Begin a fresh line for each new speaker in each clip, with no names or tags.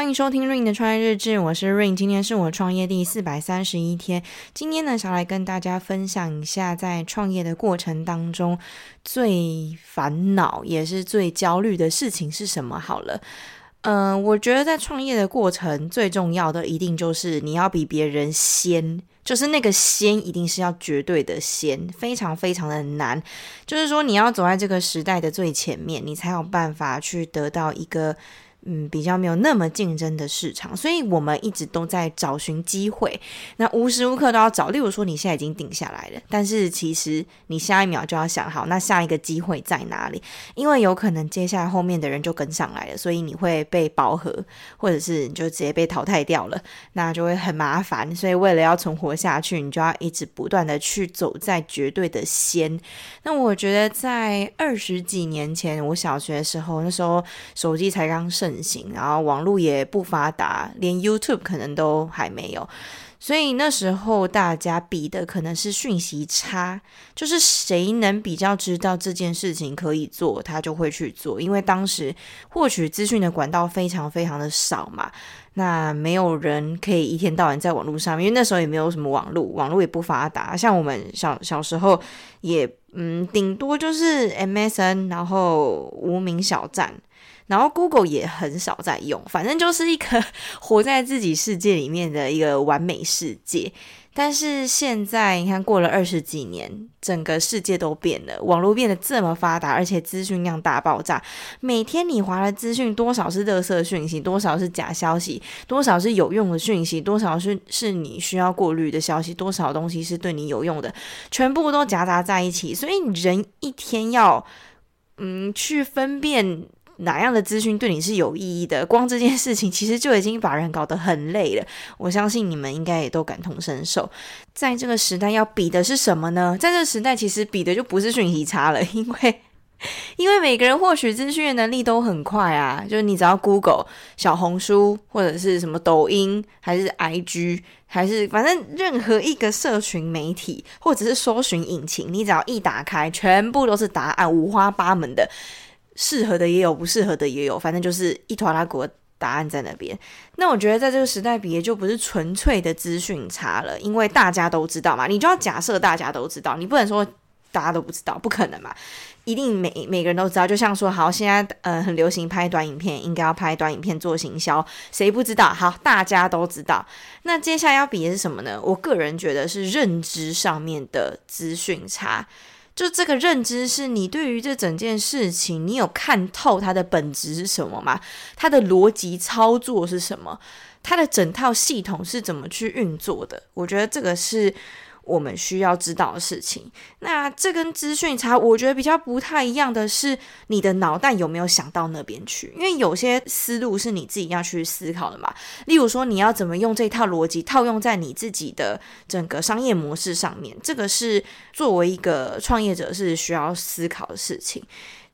歡迎收聽 Rain 的創業日志，我是 Rain，今天是我創業第四百三十一天。今天呢，想來跟大家分享一下，在創業的過程當中，最煩惱也是最焦慮的事情是什麼？好了，嗯、呃，我覺得在創業的過程最重要的，一定就是你要比別人先，就是那個先，一定是要絕對的先，非常非常的難。就是說，你要走在這個時代的最前面，你才有辦法去得到一個。嗯，比較沒有那麼競爭的市場，所以我們一直都在找尋機會。那無時無刻都要找，例如說，你現在已經定下來了，但是其實你下一秒就要想好，那下一個機會在哪裡？因為有可能接下來後面的人就跟上來了，所以你會被飽和，或者是你就直接被淘汰掉了，那就會很麻煩。所以為了要存活下去，你就要一直不斷的去走在絕對的先。那我覺得在二十幾年前，我小學的時候，那時候手機才剛然後網絡也不發達，連 YouTube 可能都還沒有，所以那時候大家比的可能是訊息差，就是誰能比較知道這件事情可以做，他就會去做，因為當時獲取資訊的管道非常非常的少嘛，那沒有人可以一天到晚在網絡上面，因為那時候也沒有什麼網絡，網絡也不發達，像我們小小時候也嗯，頂多就是 MSN，然後無名小站。然後 Google 也很少在用，反正就是一個活在自己世界裡面的一個完美世界。但是現在你看，過了二十幾年，整個世界都變了，網絡變得這麼發達，而且資訊量大爆炸。每天你劃來資訊，多少是垃圾訊息，多少是假消息，多少是有用的訊息，多少是是你需要過濾的消息，多少東西是對你有用的，全部都夾雜在一起。所以人一天要，嗯，去分辨。哪樣的資訊對你是有意義的？光這件事情其實就已經把人搞得很累了。我相信你們應該也都感同身受。在這個時代，要比的是什麼呢？在這個時代，其實比的就不是訊息差了，因為因為每個人獲取資訊的能力都很快啊。就是你只要 Google、小紅書或者是什麼抖音，還是 IG，還是反正任何一個社群媒體，或者是搜尋引擎，你只要一打開，全部都是答案，五花八門的。適合的也有，不適合的也有，反正就是一拖拉庫答案在那邊。那我覺得在這個時代比，也就不是純粹的資訊差了，因為大家都知道嘛，你就要假設大家都知道，你不能說大家都不知道，不可能嘛，一定每每個人都知道。就像說，好，現在呃很流行拍短影片，應該要拍短影片做行銷，誰不知道？好，大家都知道。那接下來要比的是什麼呢？我個人覺得是認知上面的資訊差。就這個認知是你對於這整件事情，你有看透它的本質是什麼嗎？它的邏輯操作是什麼？它的整套系統是怎麼去運作的？我覺得這個是。我們需要知道的事情，那這跟資訊差，我覺得比較不太一樣的是，你的腦袋有沒有想到那邊去？因為有些思路是你自己要去思考的嘛。例如說，你要怎麼用這套邏輯套用在你自己的整個商業模式上面，這個是作為一個創業者是需要思考的事情。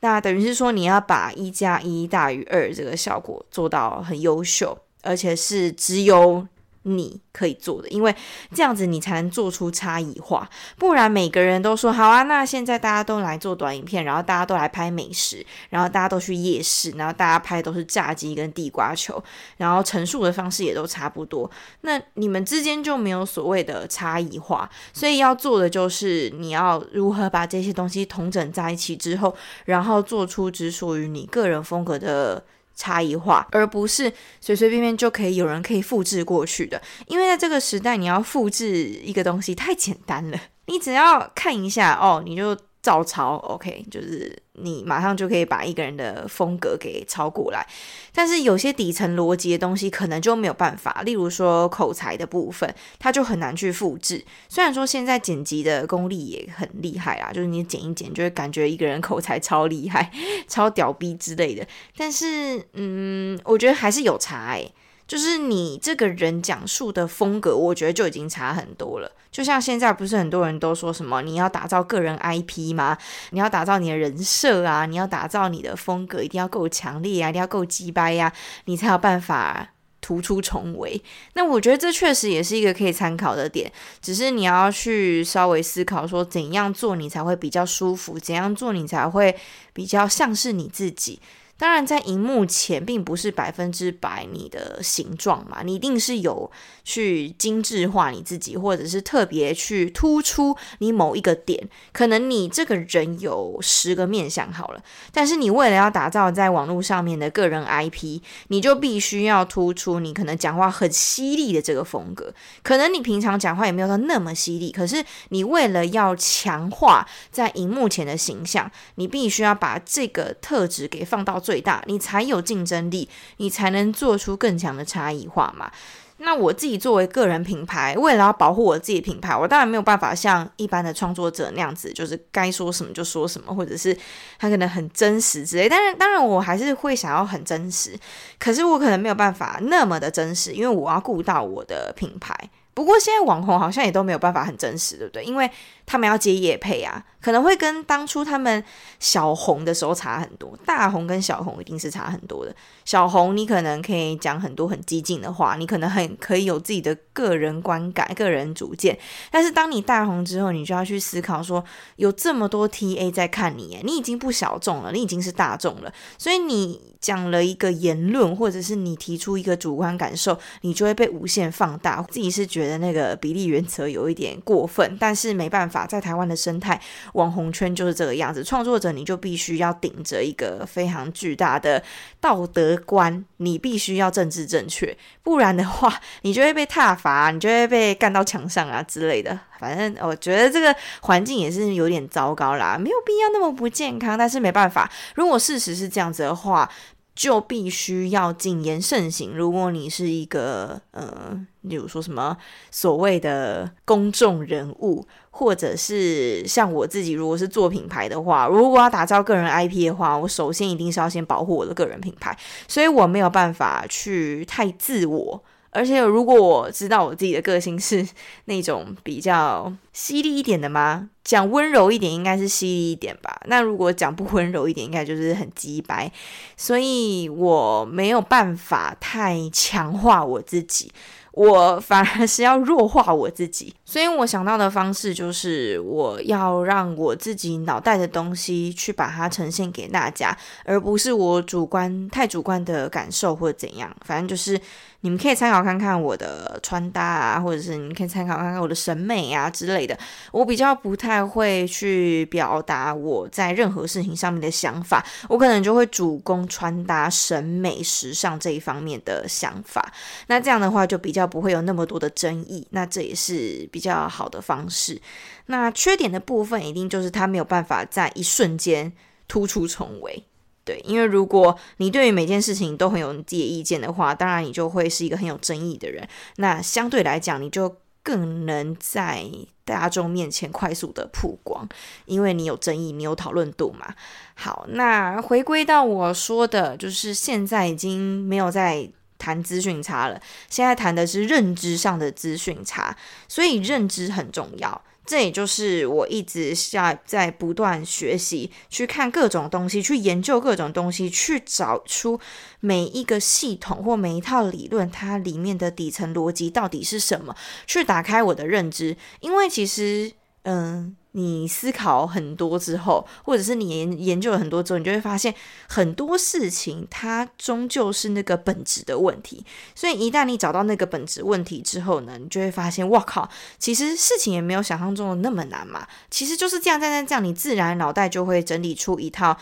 那等於是說，你要把一加一大於二這個效果做到很優秀，而且是只有。你可以做的，因為這樣子你才能做出差異化。不然每個人都說好啊，那現在大家都來做短影片，然後大家都來拍美食，然後大家都去夜市，然後大家拍都是炸雞跟地瓜球，然後陳述的方式也都差不多，那你們之間就沒有所謂的差異化。所以要做的就是你要如何把這些東西統整在一起之後，然後做出只屬於你個人風格的。差異化，而不是隨隨便便就可以有人可以複製過去的。因為在這個時代，你要複製一個東西太簡單了，你只要看一下哦，你就。照抄，OK，就是你馬上就可以把一個人的風格給抄過來，但是有些底層邏輯的東西可能就沒有辦法。例如說口才的部分，他就很難去複制。雖然說現在剪輯的功力也很厲害啊，就是你剪一剪，就會感覺一個人口才超厲害、超屌逼之類的，但是，嗯，我覺得還是有差哎、欸。就是你這個人講述的風格，我覺得就已經差很多了。就像現在不是很多人都說什麼你要打造個人 IP 嗎？你要打造你的人設啊，你要打造你的風格，一定要夠強烈啊，一定要夠雞掰呀，你才有辦法突出重圍。那我覺得這確實也是一個可以參考的點，只是你要去稍微思考說怎樣做你才會比較舒服，怎樣做你才會比較像是你自己。當然，在熒幕前並不是百分之百你的形狀嘛，你一定是有去精緻化你自己，或者是特別去突出你某一個點。可能你這個人有十個面相好了，但是你為了要打造在網絡上面的個人 IP，你就必須要突出你可能講話很犀利的這個風格。可能你平常講話也沒有說那麼犀利，可是你為了要強化在熒幕前的形象，你必須要把這個特質給放到最大，你才有競爭力，你才能做出更強的差異化嘛。那我自己作為個人品牌，為了要保護我自己品牌，我當然沒有辦法像一般的創作者那樣子，就是該說什麼就說什麼，或者是他可能很真實之類。但是，當然我還是會想要很真實，可是我可能沒有辦法那麼的真實，因為我要顧到我的品牌。不過現在網紅好像也都沒有辦法很真實，對不對？因為他們要接業配啊，可能會跟當初他們小紅的時候差很多。大紅跟小紅一定是差很多的。小紅你可能可以講很多很激進的話，你可能很可以有自己的個人觀感、個人主見。但是當你大紅之後，你就要去思考說，有這麼多 TA 在看你耶，你已經不小眾了，你已經是大眾了，所以你講了一個言論，或者是你提出一個主觀感受，你就會被無限放大。自己是覺得那個比例原則有一點過分，但是沒辦法，在台灣的生態網紅圈就是這個樣子。創作者你就必須要頂着一個非常巨大的道德觀，你必須要政治正確，不然的話，你就會被撻伐，你就會被幹到牆上啊之類的。反正我覺得這個環境也是有點糟糕啦，沒有必要那麼不健康，但是沒辦法，如果事實是這樣子的話，就必須要謹言慎行。如果你是一個呃，例如說什麼所謂的公眾人物，或者是像我自己，如果是做品牌的話，如果要打造個人 IP 的話，我首先一定是要先保護我的個人品牌，所以我沒有辦法去太自我。而且，如果我知道我自己的個性是那種比較犀利一點的嗎，講溫柔一點，應該是犀利一點吧。那如果講不溫柔一點，應該就是很機掰。所以我沒有辦法太強化我自己，我反而是要弱化我自己。所以我想到的方式就是，我要讓我自己腦袋的東西去把它呈現給大家，而不是我主觀太主觀的感受或者怎樣。反正就是。你們可以參考看看我的穿搭啊，或者是你們可以參考看看我的審美啊之類的。我比較不太會去表達我在任何事情上面的想法，我可能就會主攻穿搭、審美、時尚這一方面的想法。那這樣的話就比較不會有那麼多的爭議，那這也是比較好的方式。那缺點的部分一定就是它沒有辦法在一瞬間突出重圍。對，因為如果你對於每件事情都很有自己的意見的話，當然你就會是一個很有爭議的人。那相對來講，你就更能在大眾面前快速的曝光，因為你有爭議，你有討論度嘛。好，那回歸到我說的，就是現在已經沒有在談資訊差了，現在談的是認知上的資訊差，所以認知很重要。這也就是我一直在在不斷學習，去看各種東西，去研究各種東西，去找出每一個系統或每一套理論它裡面的底層邏輯到底是什麼，去打開我的認知。因為其實，嗯、呃。你思考很多之後，或者是你研研究了很多之後，你就會發現很多事情它終究是那個本質的問題。所以一旦你找到那個本質問題之後呢，你就會發現，哇靠，其實事情也沒有想象中的那麼難嘛。其實就是這樣，在這樣，你自然腦袋就會整理出一套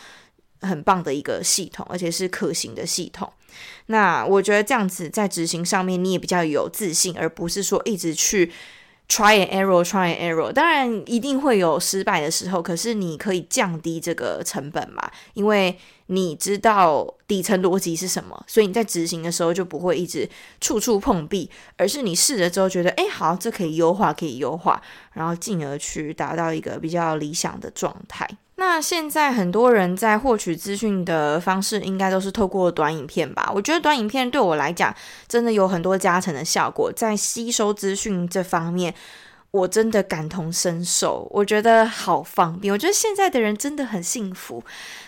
很棒的一個系統，而且是可行的系統。那我覺得這樣子在執行上面你也比較有自信，而不是說一直去。Try and error, try and error，當然一定會有失敗的時候，可是你可以降低這個成本嘛，因為你知道底層邏輯是什麼，所以你在執行的時候就不會一直處處碰壁，而是你試了之後覺得，哎，好，這可以優化，可以優化，然後進而去達到一個比較理想的狀態。那現在很多人在獲取資訊的方式，應該都是透過短影片吧？我覺得短影片對我來講，真的有很多加成的效果，在吸收資訊這方面，我真的感同身受。我覺得好方便，我覺得現在的人真的很幸福。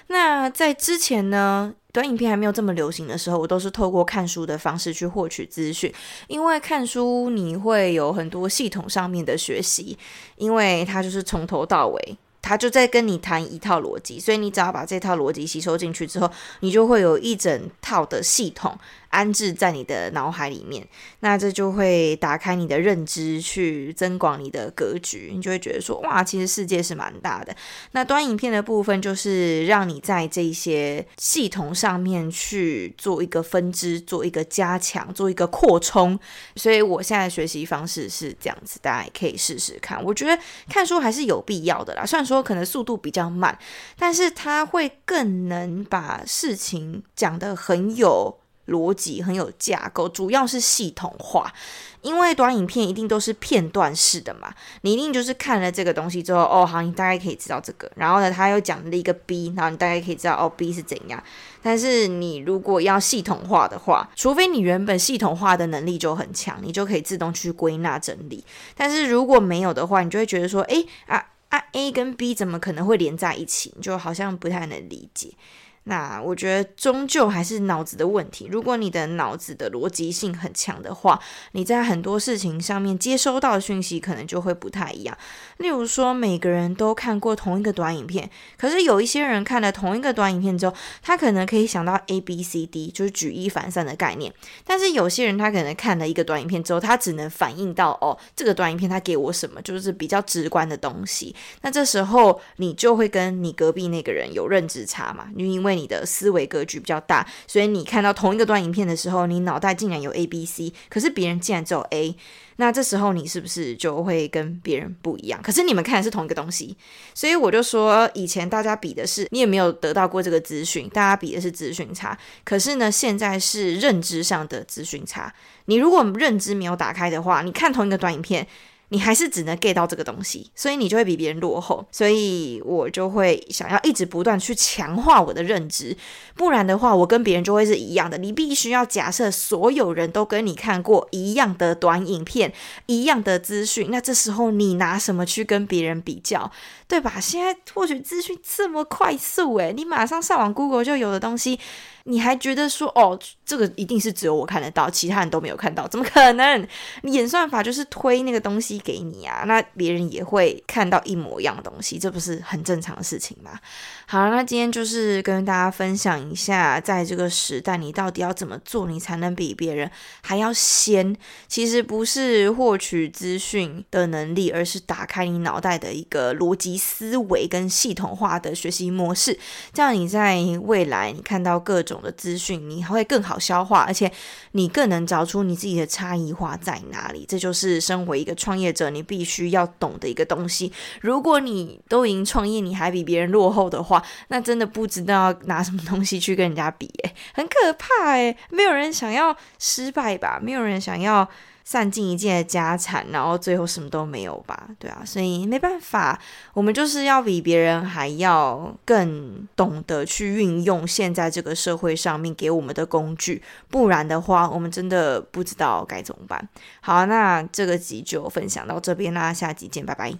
那在之前呢，短影片還沒有這麼流行的時候，我都是透過看書的方式去獲取資訊，因為看書你會有很多系統上面的學習，因為它就是從頭到尾。他就在跟你談一套邏輯，所以你只要把這套邏輯吸收進去之後，你就會有一整套的系統，安置在你的腦海裡面，那這就會打開你的認知，去增廣你的格局。你就會覺得說，哇，其實世界是蠻大的。那短影片的部分就是讓你在這些系統上面去做一個分支，做一個加強，做一個擴充。所以我現在學習方式是這樣子，大家也可以試試看。我覺得看書還是有必要的啦，雖然說可能速度比較慢，但是它會更能把事情講得很有。邏輯很有架構，主要是系統化。因為短影片一定都是片段式的嘛，你一定就是看了這個東西之後，哦，好，你大概可以知道這個。然後呢，他又講了一個 B，然後你大概可以知道哦，B 是怎樣。但是你如果要系統化的話，除非你原本系統化的能力就很強，你就可以自動去歸納整理。但是如果沒有的話，你就會覺得說，哎、欸，啊啊，A 跟 B 怎麼可能會連在一起？你就好像不太能理解。那我覺得終究還是腦子的問題。如果你的腦子的邏輯性很強的話，你在很多事情上面接收到的訊息可能就會不太一樣。例如說，每個人都看過同一個短影片，可是有一些人看了同一個短影片之後，他可能可以想到 A、B、C、D，就是舉一反三的概念。但是有些人他可能看了一個短影片之後，他只能反映到哦，這個短影片他給我什麼，就是比較直觀的東西。那這時候你就會跟你隔壁那個人有認知差嘛，你因為。你的思維格局比較大，所以你看到同一個短影片的時候，你腦袋竟然有 A、B、C，可是別人竟然只有 A。那這時候你是不是就會跟別人不一樣？可是你們看的是同一個東西，所以我就說，以前大家比的是你也沒有得到過這個資訊，大家比的是資訊差。可是呢，現在是認知上的資訊差。你如果認知沒有打開的話，你看同一個短影片。你還是只能 get 到這個東西，所以你就會比別人落後。所以我就會想要一直不斷去強化我的認知，不然的話，我跟別人就會是一樣的。你必須要假設所有人都跟你看過一樣的短影片，一樣的資訊，那這時候你拿什麼去跟別人比較，對吧？現在獲取資訊這麼快速，欸，誒，你馬上上網 Google 就有的東西。你還覺得說哦，這個一定是只有我看得到，其他人都沒有看到，怎麼可能？你演算法就是推那個東西給你啊，那別人也會看到一模一樣的東西，這不是很正常的事情嗎？好，那今天就是跟大家分享一下，在這個時代你到底要怎麼做，你才能比別人還要先？其實不是獲取資訊的能力，而是打開你腦袋的一個邏輯思維跟系統化的學習模式，這樣你在未來你看到各種。的資訊，你還會更好消化，而且你更能找出你自己的差異化在哪裡。這就是身為一個創業者，你必須要懂的一個東西。如果你都已經創業，你還比別人落後的話，那真的不知道要拿什麼東西去跟人家比，哎，很可怕，誒，沒有人想要失敗吧？沒有人想要。散盡一切的家產，然後最後什麼都沒有吧，對啊，所以沒辦法，我們就是要比別人還要更懂得去運用現在這個社會上面給我們的工具，不然的話，我們真的不知道該怎麼辦。好，那這個集就分享到這邊啦，下集見，拜拜。